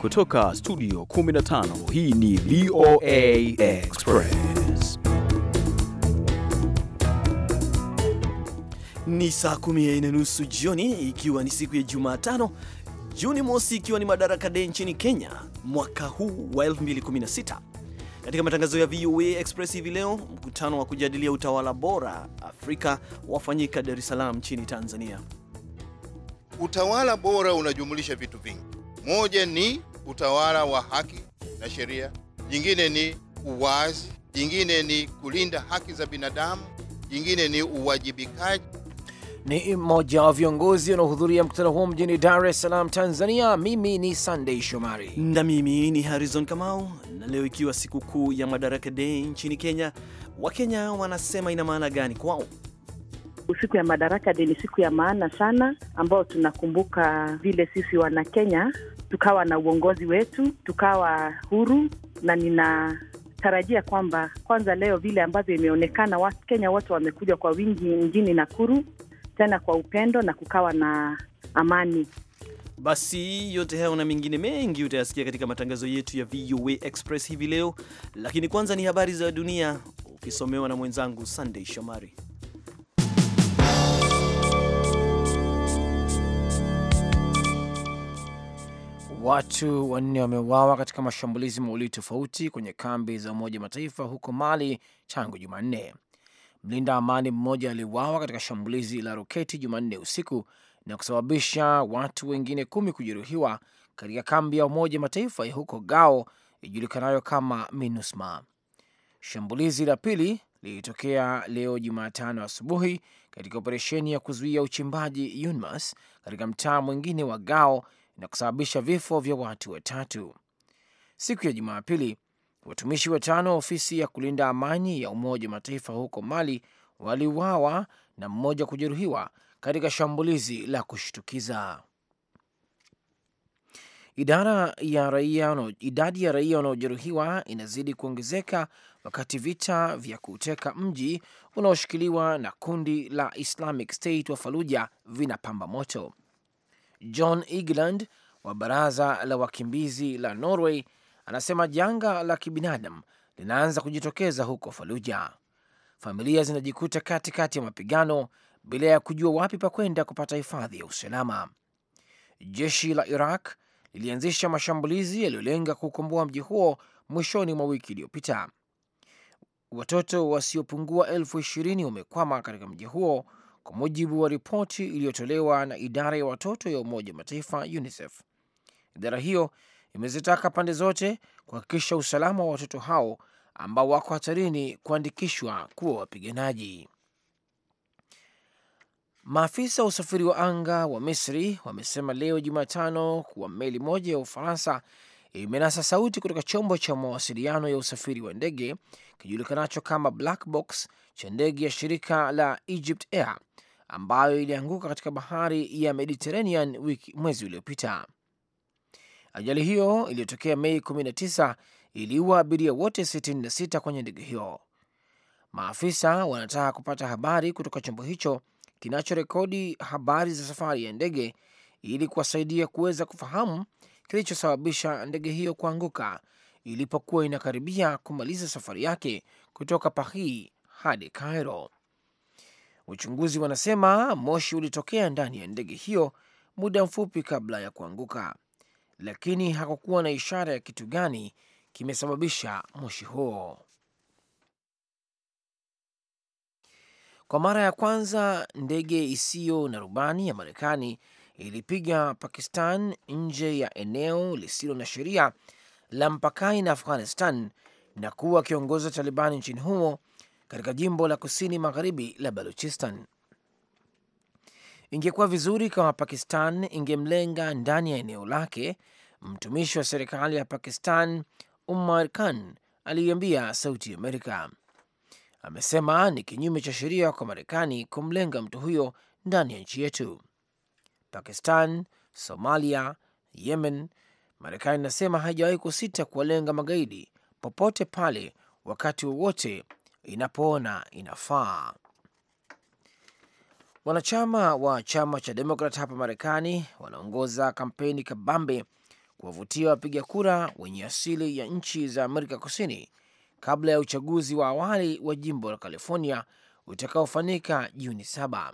Kutoka studio 15 hii ni VOA Express. Ni saa kumi na nusu jioni ikiwa ni siku ya Jumatano Juni mosi, ikiwa ni Madaraka Day nchini Kenya mwaka huu wa 2016. Katika matangazo ya VOA Express hivi leo, mkutano wa kujadilia utawala bora Afrika wafanyika Dar es Salaam nchini Tanzania. Utawala bora unajumulisha vitu vingi. Moja ni utawala wa haki na sheria, jingine ni uwazi, jingine ni kulinda haki za binadamu, jingine ni uwajibikaji. Ni mmoja wa viongozi wanaohudhuria mkutano huo mjini Dar es Salaam, Tanzania. Mimi ni Sunday Shomari na mimi ni Harrison Kamau. Na leo ikiwa sikukuu ya Madaraka Day nchini Kenya, Wakenya wanasema ina maana gani kwao? Siku ya Madaraka Day ni siku ya maana sana, ambao tunakumbuka vile sisi wana Kenya tukawa na uongozi wetu, tukawa huru, na ninatarajia kwamba kwanza leo vile ambavyo imeonekana Wakenya wote wamekuja kwa wingi mjini Nakuru, tena kwa upendo na kukawa na amani. Basi yote hayo na mengine mengi utayasikia katika matangazo yetu ya VOA Express hivi leo, lakini kwanza ni habari za dunia ukisomewa na mwenzangu sandey Shomari. Watu wanne wameuawa katika mashambulizi mawili tofauti kwenye kambi za Umoja wa Mataifa huko Mali tangu Jumanne. Mlinda amani mmoja aliuawa katika shambulizi la roketi Jumanne usiku na kusababisha watu wengine kumi kujeruhiwa katika kambi ya Umoja Mataifa ya huko Gao ijulikanayo kama MINUSMA. Shambulizi la pili lilitokea leo Jumatano asubuhi katika operesheni ya kuzuia uchimbaji UNMAS katika mtaa mwingine wa Gao na kusababisha vifo vya watu watatu. Siku ya Jumapili, watumishi watano wa ofisi ya kulinda amani ya Umoja wa Mataifa huko Mali waliuawa na mmoja kujeruhiwa katika shambulizi la kushtukiza. Idara ya raia, idadi ya raia wanaojeruhiwa inazidi kuongezeka wakati vita vya kuteka mji unaoshikiliwa na kundi la Islamic State wa Faluja vinapamba moto. John Egeland wa baraza la wakimbizi la Norway anasema janga la kibinadamu linaanza kujitokeza huko Faluja. Familia zinajikuta katikati ya mapigano bila ya kujua wapi pa kwenda kupata hifadhi ya usalama. Jeshi la Iraq lilianzisha mashambulizi yaliyolenga kukomboa mji huo mwishoni mwa wiki iliyopita. Watoto wasiopungua elfu ishirini wamekwama katika mji huo kwa mujibu wa ripoti iliyotolewa na idara ya watoto ya Umoja wa Mataifa, UNICEF. Idara hiyo imezitaka pande zote kuhakikisha usalama wa watoto hao ambao wako hatarini kuandikishwa kuwa wapiganaji. Maafisa wa usafiri wa anga wa Misri wamesema leo Jumatano kuwa meli moja ya Ufaransa imenasa sauti kutoka chombo cha mawasiliano ya usafiri wa ndege kijulikanacho kama black box cha ndege ya shirika la Egypt Air ambayo ilianguka katika bahari ya Mediterranean wiki mwezi uliopita. Ajali hiyo iliyotokea Mei 19 iliua abiria wote 66 kwenye ndege hiyo. Maafisa wanataka kupata habari kutoka chombo hicho kinachorekodi habari za safari ya ndege ili kuwasaidia kuweza kufahamu kilichosababisha ndege hiyo kuanguka ilipokuwa inakaribia kumaliza safari yake kutoka Paris hadi Cairo. Wachunguzi wanasema moshi ulitokea ndani ya ndege hiyo muda mfupi kabla ya kuanguka, lakini hakukuwa na ishara ya kitu gani kimesababisha moshi huo. Kwa mara ya kwanza ndege isiyo na rubani ya Marekani ilipiga Pakistan nje ya eneo lisilo na sheria la mpakani na Afghanistan na kuwa kiongozi wa Talibani nchini humo katika jimbo la kusini magharibi la Baluchistan. Ingekuwa vizuri kama Pakistan ingemlenga ndani ya eneo lake mtumishi wa serikali ya Pakistan umar Khan aliiambia Sauti Amerika. Amesema ni kinyume cha sheria kwa Marekani kumlenga mtu huyo ndani ya nchi yetu. Pakistan, Somalia, Yemen, Marekani inasema haijawahi kusita kuwalenga magaidi popote pale, wakati wowote inapoona inafaa. Wanachama wa chama cha Demokrat hapa Marekani wanaongoza kampeni kabambe kuwavutia wapiga kura wenye asili ya nchi za Amerika Kusini kabla ya uchaguzi wa awali wa jimbo la California utakaofanyika Juni saba.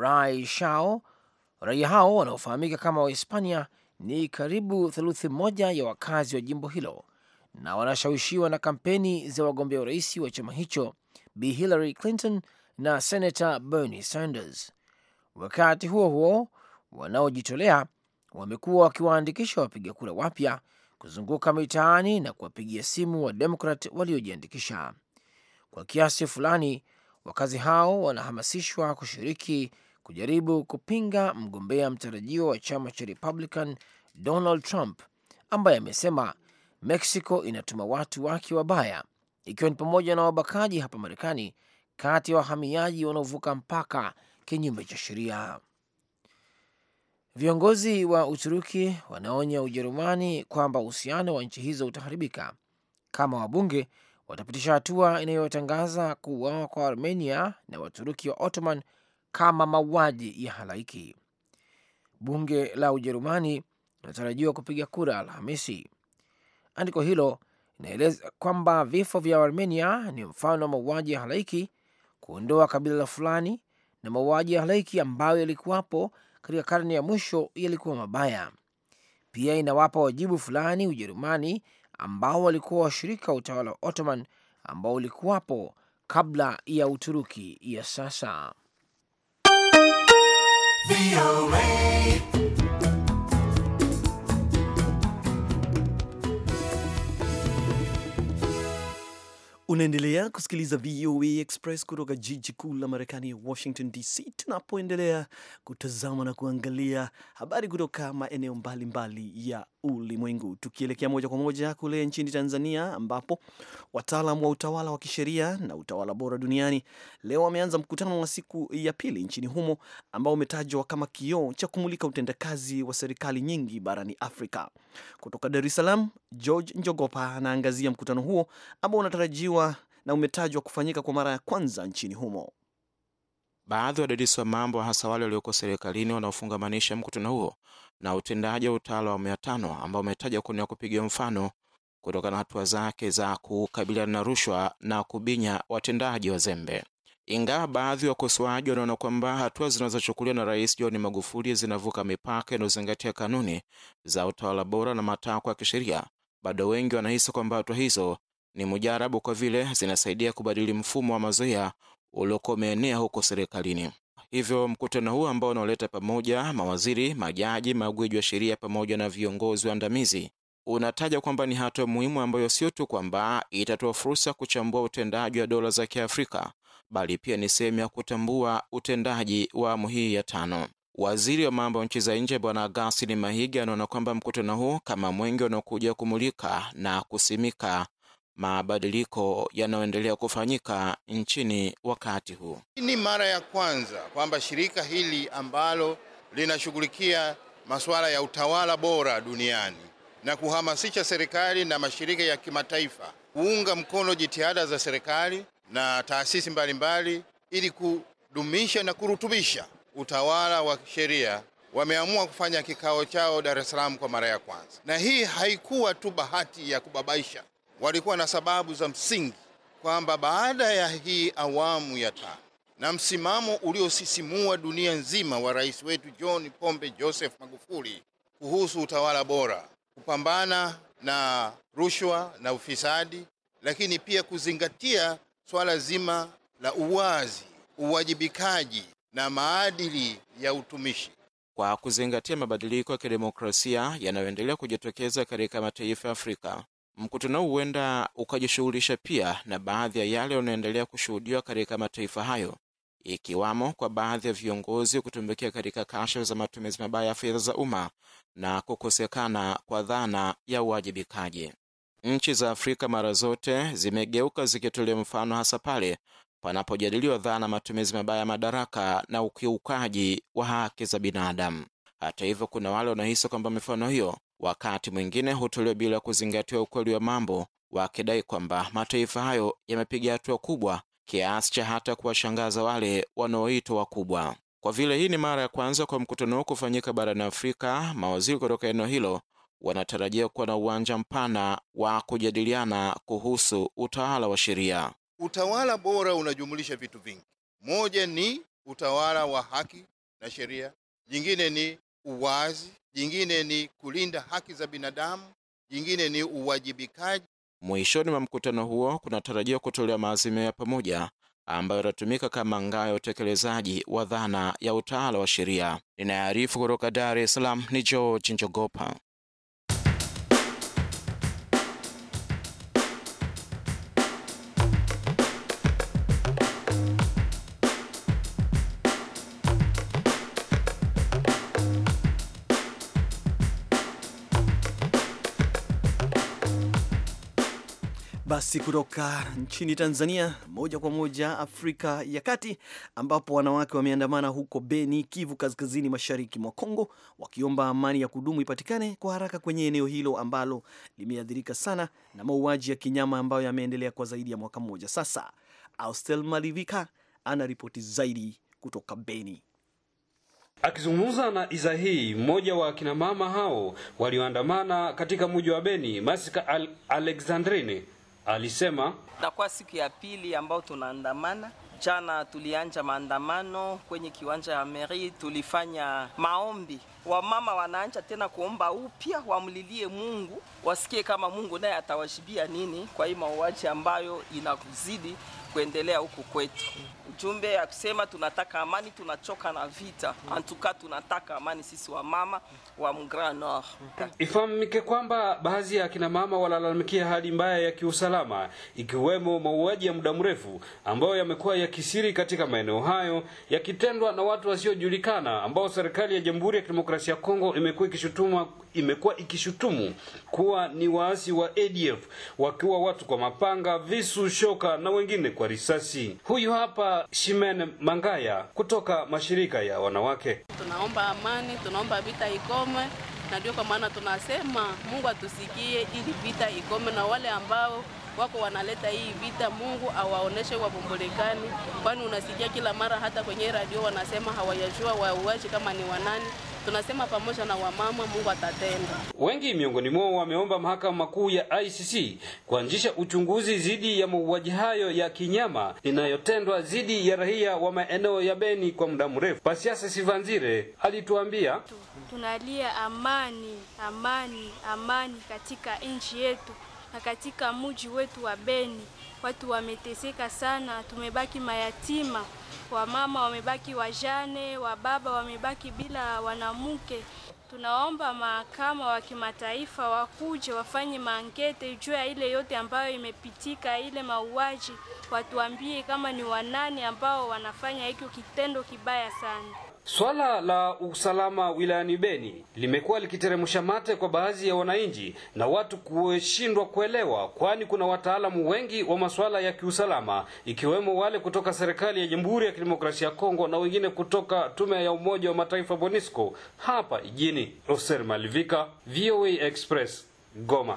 Rai shao raia hao wanaofahamika kama Wahispania ni karibu theluthi moja ya wakazi wa jimbo hilo na wanashawishiwa na kampeni za wagombea urais wa chama hicho Bi Hillary Clinton na Senator Bernie Sanders. Wakati huo huo, wanaojitolea wamekuwa wakiwaandikisha wapiga kura wapya kuzunguka mitaani na kuwapigia simu wa Demokrat waliojiandikisha. Kwa kiasi fulani, wakazi hao wanahamasishwa kushiriki kujaribu kupinga mgombea mtarajio wa chama cha Republican Donald Trump ambaye amesema Mexico inatuma watu wake wabaya, ikiwa ni pamoja na wabakaji hapa Marekani, kati ya wahamiaji wanaovuka mpaka kinyume cha sheria. Viongozi wa Uturuki wanaonya Ujerumani kwamba uhusiano wa nchi hizo utaharibika kama wabunge watapitisha hatua inayotangaza kuuawa kwa Armenia na Waturuki wa Ottoman kama mauaji ya halaiki. Bunge la Ujerumani linatarajiwa kupiga kura Alhamisi. Andiko hilo linaeleza kwamba vifo vya Armenia ni mfano wa mauaji ya halaiki, kuondoa kabila la fulani, na mauaji ya halaiki ambayo yalikuwapo katika karne ya mwisho yalikuwa mabaya. Pia inawapa wajibu fulani Ujerumani ambao walikuwa washirika wa utawala wa Ottoman ambao ulikuwapo kabla ya Uturuki ya sasa. Unaendelea kusikiliza VOA Express kutoka jiji kuu la Marekani ya Washington DC, tunapoendelea kutazama na kuangalia habari kutoka maeneo mbalimbali mbali ya ulimwengu. Tukielekea moja kwa moja kule nchini Tanzania, ambapo wataalam wa utawala wa kisheria na utawala bora duniani leo wameanza mkutano wa siku ya pili nchini humo ambao umetajwa kama kioo cha kumulika utendakazi wa serikali nyingi barani Afrika. Kutoka Dar es Salaam, George Njogopa anaangazia mkutano huo ambao unatarajiwa na umetajwa kufanyika kwa mara ya kwanza nchini humo. Baadhi ya wadadisi wa mambo hasa wale walioko serikalini wanaofungamanisha mkutano huo na utendaji wa utawala wa awamu ya tano ambao umetaja kuni wa kupigia mfano kutokana na hatua zake za kukabiliana na rushwa na kubinya watendaji wa zembe Ingawa baadhi ya wakosoaji wanaona kwamba hatua zinazochukuliwa na Rais John Magufuli zinavuka mipaka inayozingatia kanuni za utawala bora na matakwa ya kisheria, bado wengi wanahisi kwamba hatua hizo ni mujarabu kwa vile zinasaidia kubadili mfumo wa mazoea uliokuwa umeenea huko serikalini. Hivyo mkutano huu ambao unaoleta pamoja mawaziri, majaji, magwiji wa sheria pamoja na viongozi waandamizi unataja kwamba ni hatua muhimu ambayo sio tu kwamba itatoa fursa kuchambua utendaji wa dola za Kiafrika, bali pia ni sehemu ya kutambua utendaji wa amu hii ya tano. Waziri wa mambo ya nchi za nje Bwana Augustine mahigi anaona kwamba mkutano huu kama mwenge unaokuja kumulika na kusimika mabadiliko yanayoendelea kufanyika nchini wakati huu. Hii ni mara ya kwanza kwamba shirika hili ambalo linashughulikia masuala ya utawala bora duniani na kuhamasisha serikali na mashirika ya kimataifa kuunga mkono jitihada za serikali na taasisi mbalimbali ili kudumisha na kurutubisha utawala wa sheria wameamua kufanya kikao chao Dar es Salaam kwa mara ya kwanza, na hii haikuwa tu bahati ya kubabaisha, walikuwa na sababu za msingi kwamba baada ya hii awamu ya tano na msimamo uliosisimua dunia nzima wa rais wetu John Pombe Joseph Magufuli kuhusu utawala bora, kupambana na rushwa na ufisadi, lakini pia kuzingatia swala zima la uwazi, uwajibikaji na maadili ya utumishi. Kwa kuzingatia mabadiliko ya kidemokrasia yanayoendelea kujitokeza katika mataifa ya Afrika, Mkutano huu huenda ukajishughulisha pia na baadhi ya yale yanayoendelea kushuhudiwa katika mataifa hayo, ikiwamo kwa baadhi ya viongozi kutumbukia katika kasha za matumizi mabaya ya fedha za umma na kukosekana kwa dhana ya uwajibikaji. Nchi za Afrika mara zote zimegeuka zikitolea mfano, hasa pale panapojadiliwa dhana matumizi mabaya ya madaraka na ukiukaji wa haki za binadamu. Hata hivyo, kuna wale wanahisi kwamba mifano hiyo wakati mwingine hutolewa bila kuzingatia ukweli wa mambo, wakidai kwamba mataifa hayo yamepiga hatua kubwa kiasi cha hata kuwashangaza wale wanaoitwa wakubwa. Kwa vile hii ni mara ya kwanza kwa mkutano huu kufanyika barani Afrika, mawaziri kutoka eneo hilo wanatarajia kuwa na uwanja mpana wa kujadiliana kuhusu utawala wa sheria. Utawala bora unajumulisha vitu vingi. Moja ni utawala wa haki na sheria, nyingine ni uwazi jingine ni kulinda haki za binadamu, jingine ni uwajibikaji. Mwishoni mwa mkutano huo kunatarajiwa kutolewa maazimio ya pamoja ambayo yatatumika kama ngao ya utekelezaji wa dhana ya utawala wa sheria. Ninayearifu kutoka Dar es Salaam ni George Njogopa. basi kutoka nchini Tanzania moja kwa moja Afrika ya Kati, ambapo wanawake wameandamana huko Beni, Kivu Kaskazini, mashariki mwa Kongo, wakiomba amani ya kudumu ipatikane kwa haraka kwenye eneo hilo ambalo limeathirika sana na mauaji ya kinyama ambayo yameendelea kwa zaidi ya mwaka mmoja sasa. Austel Malivika ana ripoti zaidi kutoka Beni. Akizungumza na iza hii mmoja wa akina mama hao walioandamana katika mji wa Beni, Masika Al Alexandrine alisema na kwa siku ya pili ambao tunaandamana. Jana tulianja maandamano kwenye kiwanja ya meri, tulifanya maombi. Wamama wanaanja tena kuomba upya, wamlilie Mungu, wasikie kama Mungu naye atawashibia nini kwa hii mauaji ambayo inazidi kuendelea huku kwetu ujumbe ya kusema tunataka amani, tunachoka na vita. Antuka tunataka amani sisi mama wa Grand Nord. Ifahamike kwamba baadhi ya kina mama walalamikia hali mbaya ya kiusalama ikiwemo mauaji ya muda mrefu ambayo yamekuwa ya kisiri katika maeneo hayo yakitendwa na watu wasiojulikana ambao serikali ya Jamhuri ya Kidemokrasia ya Kongo imekuwa ikishutuma imekuwa ikishutumu kuwa ni waasi wa ADF wakiwa watu kwa mapanga, visu, shoka na wengine kwa risasi. Huyu hapa Shimen Mangaya kutoka mashirika ya wanawake. Tunaomba amani, tunaomba vita ikome, na ndio kwa maana tunasema Mungu atusikie ili vita ikome, na wale ambao wako wanaleta hii vita, Mungu awaoneshe wavumbulikani, kwani unasikia kila mara hata kwenye radio wanasema hawayajua wauaji kama ni wanani tunasema pamoja na wamama, Mungu atatenda. Wengi miongoni mwao wameomba mahakama kuu ya ICC kuanzisha uchunguzi dhidi ya mauaji hayo ya kinyama inayotendwa dhidi ya raia wa maeneo ya Beni kwa muda mrefu. Pasiasa Sivanzire alituambia tunalia amani, amani, amani katika nchi yetu na katika mji wetu wa Beni. Watu wameteseka sana, tumebaki mayatima wamama wamebaki wajane, wababa wamebaki bila wanamke. Tunaomba mahakama wa kimataifa wakuje wafanye mankete juu ya ile yote ambayo imepitika, ile mauaji, watuambie kama ni wanani ambao wanafanya hiki kitendo kibaya sana. Swala la usalama wilayani Beni limekuwa likiteremsha mate kwa baadhi ya wananchi na watu kushindwa kuelewa, kwani kuna wataalamu wengi wa masuala ya kiusalama ikiwemo wale kutoka serikali ya Jamhuri ya Kidemokrasia ya Kongo na wengine kutoka tume ya Umoja wa Mataifa Bonisco hapa jijini. Oser Malivika, VOA Express, Goma.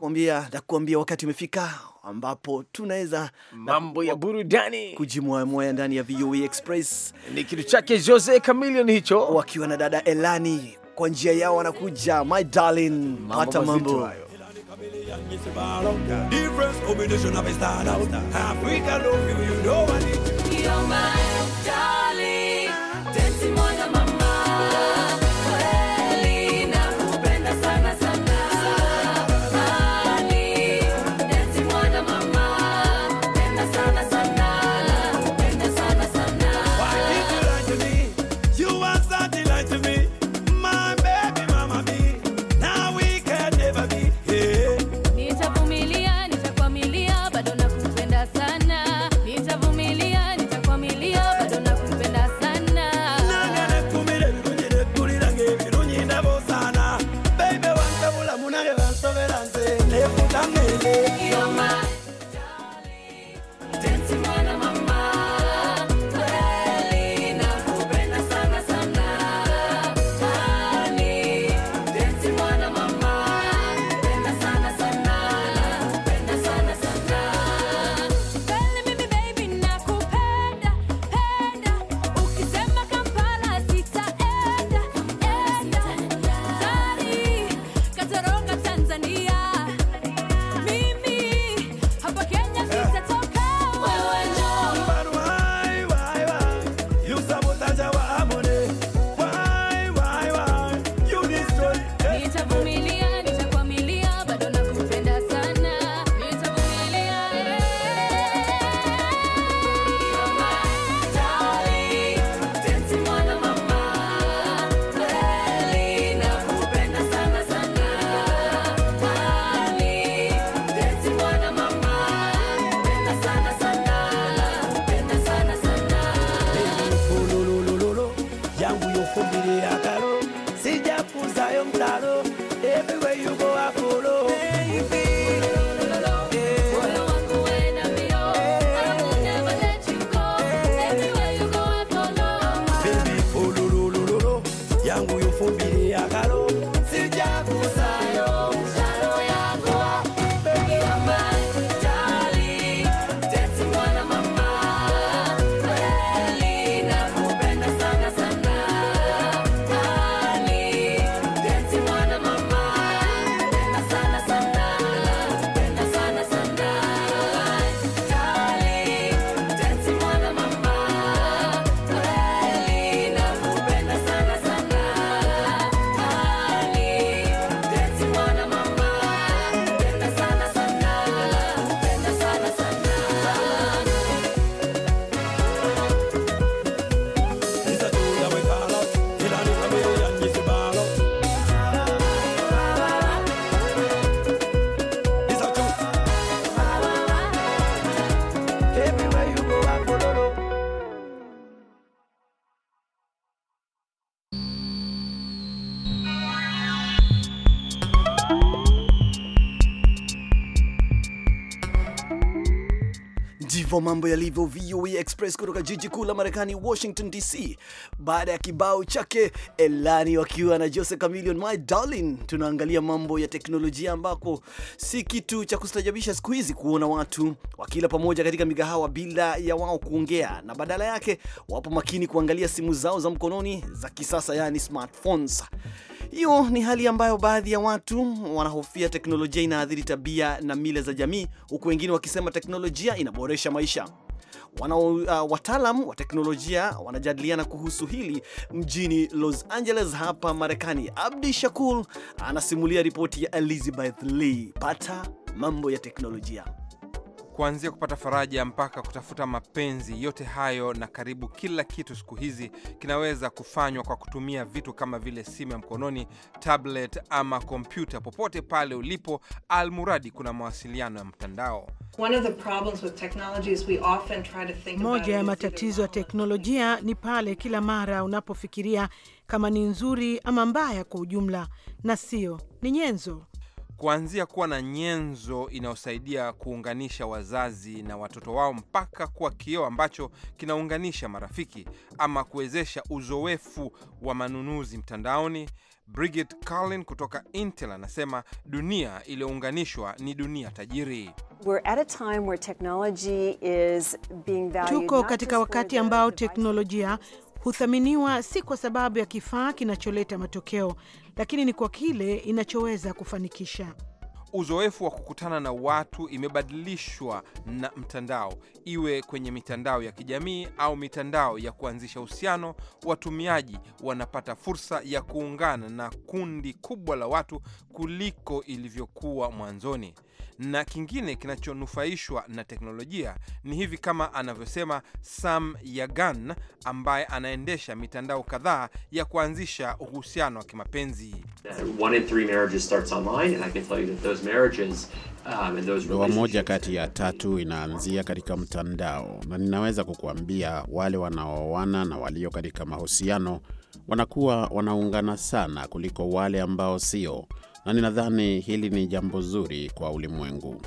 nakuambia nakuambia, wakati umefika ambapo tunaweza mambo ya burudani kujimwamoya ndani ya VOA e Express. Ni kitu chake Jose Chameleone hicho, wakiwa na dada Elani kwa njia yao, wanakuja my darling, pata mambo Ndivyo mambo yalivyo, VOA e Express kutoka jiji kuu la Marekani, Washington DC. Baada ya kibao chake Elani wakiwa na Jose Chameleon, my darling, tunaangalia mambo ya teknolojia, ambako si kitu cha kustajabisha siku hizi kuona watu wakila pamoja katika migahawa bila ya wao kuongea, na badala yake wapo makini kuangalia simu zao za mkononi za kisasa, yani smartphones. Hiyo ni hali ambayo baadhi ya watu wanahofia teknolojia inaathiri tabia na mila za jamii, huku wengine wakisema teknolojia inaboresha maisha. Wana uh, wataalam wa teknolojia wanajadiliana kuhusu hili mjini Los Angeles hapa Marekani. Abdi shakul anasimulia ripoti ya Elizabeth Lee. Pata mambo ya teknolojia kuanzia kupata faraja mpaka kutafuta mapenzi, yote hayo na karibu kila kitu siku hizi kinaweza kufanywa kwa kutumia vitu kama vile simu ya mkononi, tablet ama kompyuta. Popote pale ulipo, almuradi kuna mawasiliano ya mtandao. Moja ya matatizo ya teknolojia ni pale kila mara unapofikiria kama ni nzuri ama mbaya kwa ujumla, na sio ni nyenzo kuanzia kuwa na nyenzo inayosaidia kuunganisha wazazi na watoto wao mpaka kuwa kioo ambacho kinaunganisha marafiki ama kuwezesha uzoefu wa manunuzi mtandaoni. Brigid Carlin kutoka Intel anasema dunia iliyounganishwa ni dunia tajiri. We're at a time where technology is being valued. Tuko katika wakati ambao teknolojia huthaminiwa si kwa sababu ya kifaa kinacholeta matokeo, lakini ni kwa kile inachoweza kufanikisha. Uzoefu wa kukutana na watu imebadilishwa na mtandao, iwe kwenye mitandao ya kijamii au mitandao ya kuanzisha uhusiano. Watumiaji wanapata fursa ya kuungana na kundi kubwa la watu kuliko ilivyokuwa mwanzoni na kingine kinachonufaishwa na teknolojia ni hivi, kama anavyosema Sam Yagan ambaye anaendesha mitandao kadhaa ya kuanzisha uhusiano wa kimapenzi. Um, Ndoa moja kati ya tatu inaanzia katika mtandao, na ninaweza kukuambia wale wanaoana na walio katika mahusiano wanakuwa wanaungana sana kuliko wale ambao sio na ninadhani hili ni jambo zuri kwa ulimwengu.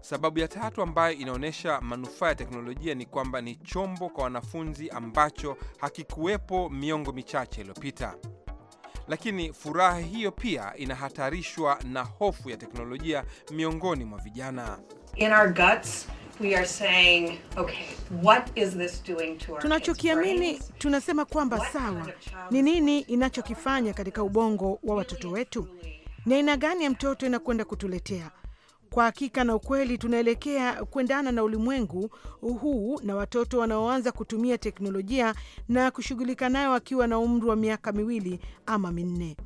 Sababu ya tatu ambayo inaonyesha manufaa ya teknolojia ni kwamba ni chombo kwa wanafunzi ambacho hakikuwepo miongo michache iliyopita. Lakini furaha hiyo pia inahatarishwa na hofu ya teknolojia miongoni mwa vijana. tunachokiamini tunasema kwamba sawa, ni nini inachokifanya katika ubongo wa watoto wetu? ni aina gani ya mtoto inakwenda kutuletea. Kwa hakika na ukweli, tunaelekea kuendana na ulimwengu huu na watoto wanaoanza kutumia teknolojia na kushughulika nayo wakiwa na umri wa miaka miwili ama minne.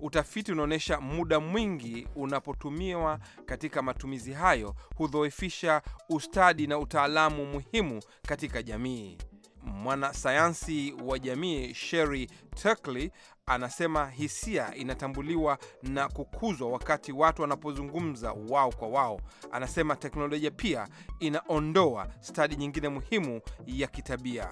Utafiti unaonyesha muda mwingi unapotumiwa katika matumizi hayo hudhoofisha ustadi na utaalamu muhimu katika jamii. Mwanasayansi wa jamii Sherry Turkley anasema hisia inatambuliwa na kukuzwa wakati watu wanapozungumza wao kwa wao. Anasema teknolojia pia inaondoa stadi nyingine muhimu ya kitabia.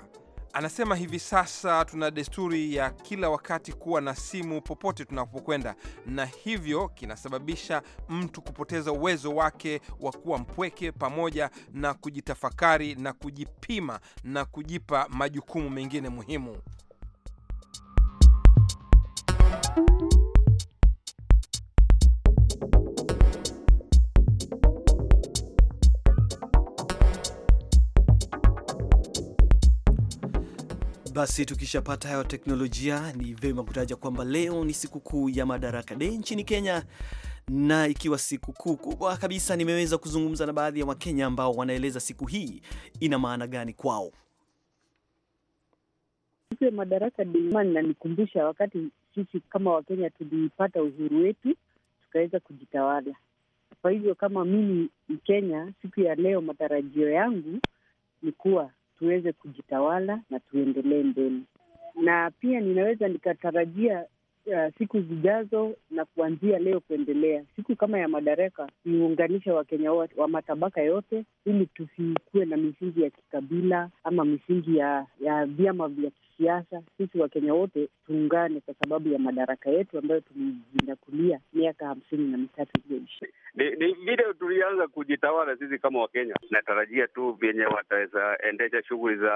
Anasema hivi sasa tuna desturi ya kila wakati kuwa na simu popote tunapokwenda, na hivyo kinasababisha mtu kupoteza uwezo wake wa kuwa mpweke pamoja na kujitafakari na kujipima na kujipa majukumu mengine muhimu. Basi tukishapata hayo teknolojia, ni vyema kutaja kwamba leo ni sikukuu ya Madaraka Day nchini Kenya, na ikiwa sikukuu kubwa kabisa, nimeweza kuzungumza na baadhi ya Wakenya ambao wanaeleza siku hii ina maana gani kwao. Madaraka Day inanikumbusha wakati sisi kama Wakenya tulipata uhuru wetu tukaweza kujitawala. Kwa hivyo kama mimi Mkenya, siku ya leo, matarajio yangu ni kuwa tuweze kujitawala na tuendelee mbele, na pia ninaweza nikatarajia uh, siku zijazo na kuanzia leo kuendelea, siku kama ya madaraka niuunganisha Wakenya wa, wa matabaka yote, ili tusikuwe na misingi ya kikabila ama misingi ya vyama vya kisiasa, sisi Wakenya wote tuungane kwa sababu ya madaraka yetu ambayo tumejinyakulia miaka hamsini na mitatu iliyoishi. Ni, ni vile tulianza kujitawala sisi kama Wakenya. Natarajia tu vyenye wataweza endesha shughuli za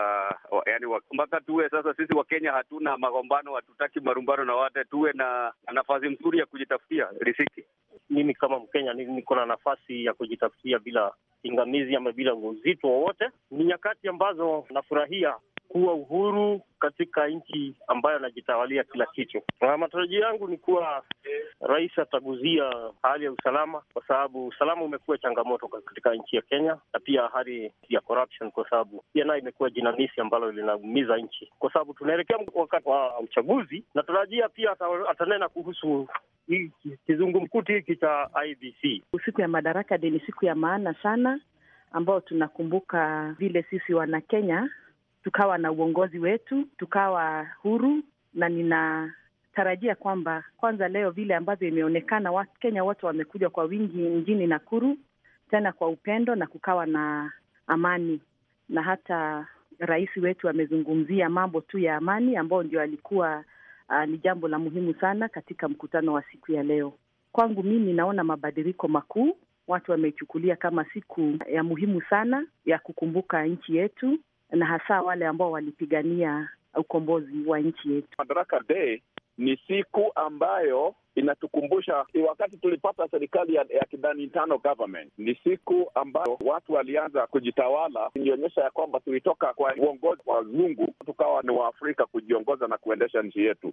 yani, mpaka tuwe sasa sisi Wakenya hatuna magombano, hatutaki marumbano na wate, tuwe na nafasi mzuri ya kujitafutia riziki. Mimi kama Mkenya niko na nafasi ya kujitafutia bila pingamizi ama bila uzito wowote. Ni nyakati ambazo nafurahia kuwa uhuru katika nchi ambayo anajitawalia kila kitu. Na matarajio yangu ni kuwa rais ataguzia hali ya usalama, kwa sababu usalama umekuwa changamoto katika nchi ya Kenya, na pia hali ya corruption, kwa sababu pia nayo imekuwa jinamizi ambalo linaumiza nchi, kwa sababu tunaelekea wakati wa uchaguzi. Natarajia pia atanena kuhusu kizungumkuti hiki cha IBC. Siku ya madaraka ni siku ya maana sana, ambao tunakumbuka vile sisi wana Kenya tukawa na uongozi wetu, tukawa huru, na ninatarajia kwamba kwanza leo vile ambavyo imeonekana kenya wote wamekuja kwa wingi mjini Nakuru, tena kwa upendo na kukawa na amani, na hata rais wetu amezungumzia mambo tu ya amani ambayo ndio alikuwa uh, ni jambo la muhimu sana katika mkutano wa siku ya leo. Kwangu mimi naona mabadiliko makuu, watu wameichukulia kama siku ya muhimu sana ya kukumbuka nchi yetu na hasa wale ambao walipigania ukombozi wa nchi yetu. Madaraka Day ni siku ambayo inatukumbusha wakati tulipata serikali ya, ya kidani tano government. Ni siku ambayo watu walianza kujitawala, ilionyesha ya kwamba tulitoka kwa uongozi wa wazungu tukawa ni Waafrika kujiongoza na kuendesha nchi yetu.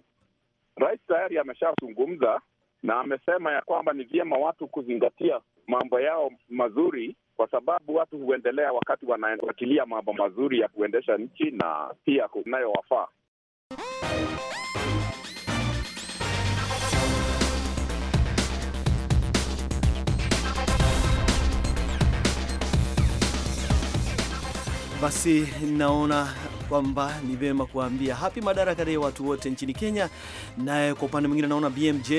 Rais tayari ameshazungumza na amesema ya kwamba ni vyema watu kuzingatia mambo yao mazuri kwa sababu watu huendelea wakati wanafuatilia mambo mazuri ya kuendesha nchi na pia inayowafaa. Basi naona kwamba ni vema kuambia hapi madaraka day watu wote nchini Kenya. Naye kwa upande mwingine, naona BMJ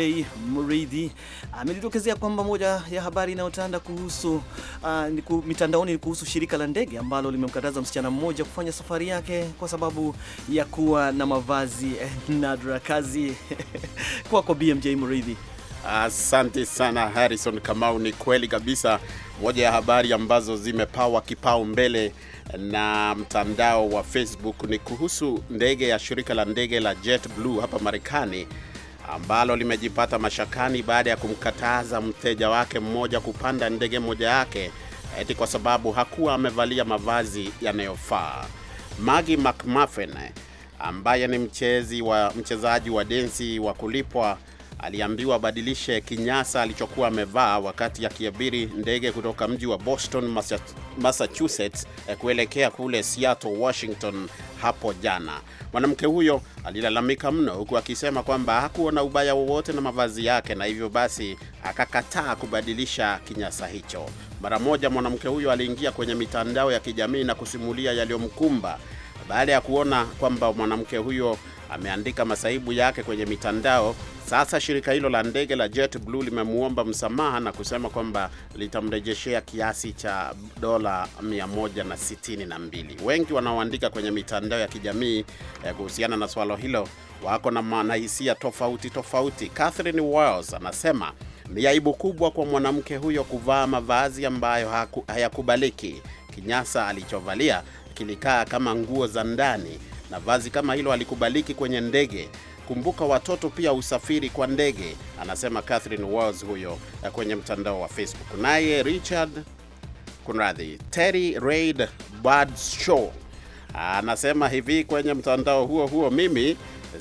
Mridhi amelitokezea kwamba moja ya habari inayotanda kuhusu uh, mitandaoni ni kuhusu shirika la ndege ambalo limemkataza msichana mmoja kufanya safari yake kwa sababu ya kuwa na mavazi eh, nadra. Kazi kwako BMJ Mridhi. Asante sana Harrison Kamau. Ni kweli kabisa, moja ya habari ambazo zimepawa kipao mbele na mtandao wa Facebook ni kuhusu ndege ya shirika la ndege la JetBlue hapa Marekani ambalo limejipata mashakani baada ya kumkataza mteja wake mmoja kupanda ndege moja yake eti kwa sababu hakuwa amevalia mavazi yanayofaa. Maggie McMuffin ambaye ni mchezi wa mchezaji wa densi wa kulipwa aliambiwa abadilishe kinyasa alichokuwa amevaa wakati akiabiri ndege kutoka mji wa Boston, Massachusetts eh, kuelekea kule Seattle, Washington hapo jana. Mwanamke huyo alilalamika mno, huku akisema kwamba hakuona ubaya wowote na mavazi yake, na hivyo basi akakataa kubadilisha kinyasa hicho. Mara moja mwanamke huyo aliingia kwenye mitandao ya kijamii na kusimulia yaliyomkumba baada ya kuona kwamba mwanamke huyo ameandika masaibu yake kwenye mitandao. Sasa shirika hilo la ndege la JetBlue limemwomba msamaha na kusema kwamba litamrejeshea kiasi cha dola 162. Wengi wanaoandika kwenye mitandao ya kijamii eh, kuhusiana na swala hilo wako na manahisia tofauti tofauti. Catherine Wiles anasema ni aibu kubwa kwa mwanamke huyo kuvaa mavazi ambayo hayakubaliki. Kinyasa alichovalia kilikaa kama nguo za ndani na vazi kama hilo halikubaliki kwenye ndege. Kumbuka watoto pia usafiri kwa ndege, anasema Catherine Walls huyo eh, kwenye mtandao wa Facebook. Naye Richard kunradhi, Terry Reid Bradshaw anasema hivi kwenye mtandao huo huo, mimi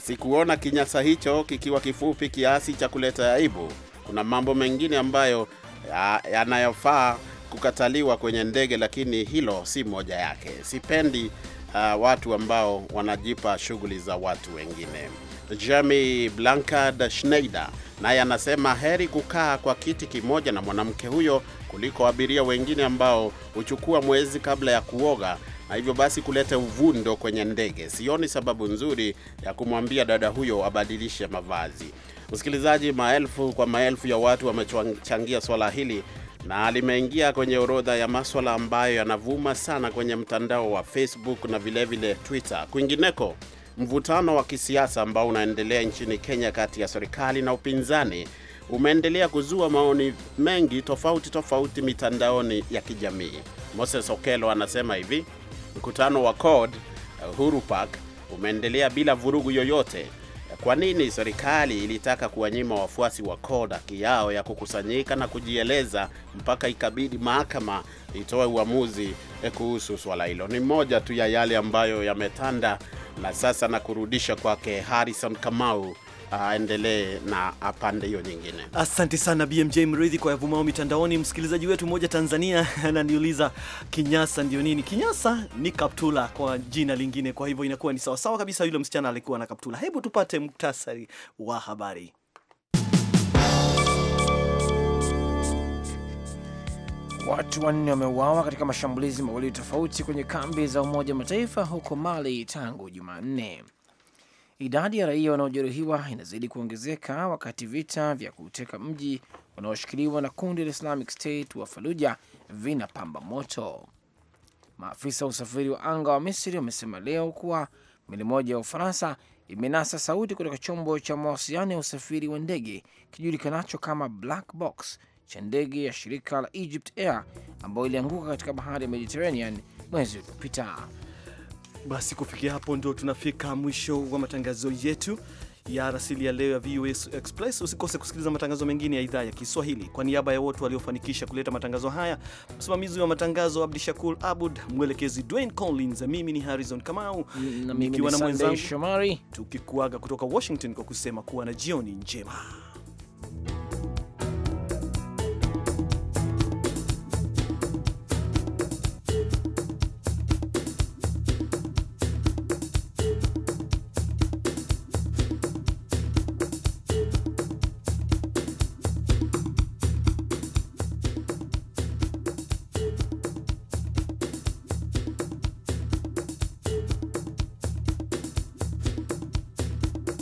sikuona kinyasa hicho kikiwa kifupi kiasi cha kuleta aibu. Kuna mambo mengine ambayo eh, yanayofaa kukataliwa kwenye ndege, lakini hilo si moja yake. Sipendi uh, watu ambao wanajipa shughuli za watu wengine. Jamie Blankard Schneider naye anasema heri kukaa kwa kiti kimoja na mwanamke huyo kuliko abiria wengine ambao huchukua mwezi kabla ya kuoga na hivyo basi kuleta uvundo kwenye ndege. Sioni sababu nzuri ya kumwambia dada huyo abadilishe mavazi. Msikilizaji, maelfu kwa maelfu ya watu wamechangia swala hili na limeingia kwenye orodha ya maswala ambayo yanavuma sana kwenye mtandao wa Facebook na vilevile vile Twitter. Kwingineko Mvutano wa kisiasa ambao unaendelea nchini Kenya kati ya serikali na upinzani umeendelea kuzua maoni mengi tofauti tofauti mitandaoni ya kijamii. Moses Okelo anasema hivi, mkutano wa CORD Uhuru Park umeendelea bila vurugu yoyote. Kwa nini serikali ilitaka kuwanyima wafuasi wa CORD haki yao ya kukusanyika na kujieleza mpaka ikabidi mahakama itoe uamuzi eh, kuhusu swala hilo? Ni moja tu ya yale ambayo yametanda na sasa na kurudisha kwake Harrison Kamau aendelee na apande hiyo nyingine. Asante sana BMJ Mridhi kwa yavumao mitandaoni. Msikilizaji wetu mmoja Tanzania ananiuliza kinyasa ndio nini? Kinyasa ni kaptula kwa jina lingine, kwa hivyo inakuwa ni sawasawa kabisa, yule msichana alikuwa na kaptula. Hebu tupate muktasari wa habari. Watu wanne wameuawa katika mashambulizi mawili tofauti kwenye kambi za Umoja Mataifa huko Mali tangu Jumanne. Idadi ya raia wanaojeruhiwa inazidi kuongezeka wakati vita vya kuteka mji unaoshikiliwa na kundi la Islamic State wa Faluja vinapamba moto. Maafisa wa usafiri wa anga wa Misri wamesema leo kuwa meli moja ya Ufaransa imenasa sauti kutoka chombo cha mawasiliano ya usafiri wa ndege kijulikanacho kama black box cha ndege ya shirika la Egypt Air ambayo ilianguka katika bahari ya Mediterranean mwezi uliopita. Basi kufikia hapo ndio tunafika mwisho wa matangazo yetu ya rasili ya leo ya VOA Express. Usikose kusikiliza matangazo mengine ya idhaa ya Kiswahili. Kwa niaba ya wote waliofanikisha kuleta matangazo haya, msimamizi wa matangazo Abdi Abud, mwelekezi Dwayne Collins, mimi ni Harrison Kamau nikiwa na mwenzangu Shomari, tukikuaga kutoka Washington kwa kusema kuwa na jioni njema.